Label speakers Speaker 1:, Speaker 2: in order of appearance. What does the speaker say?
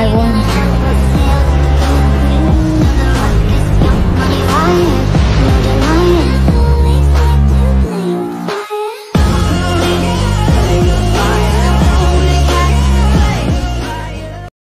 Speaker 1: I want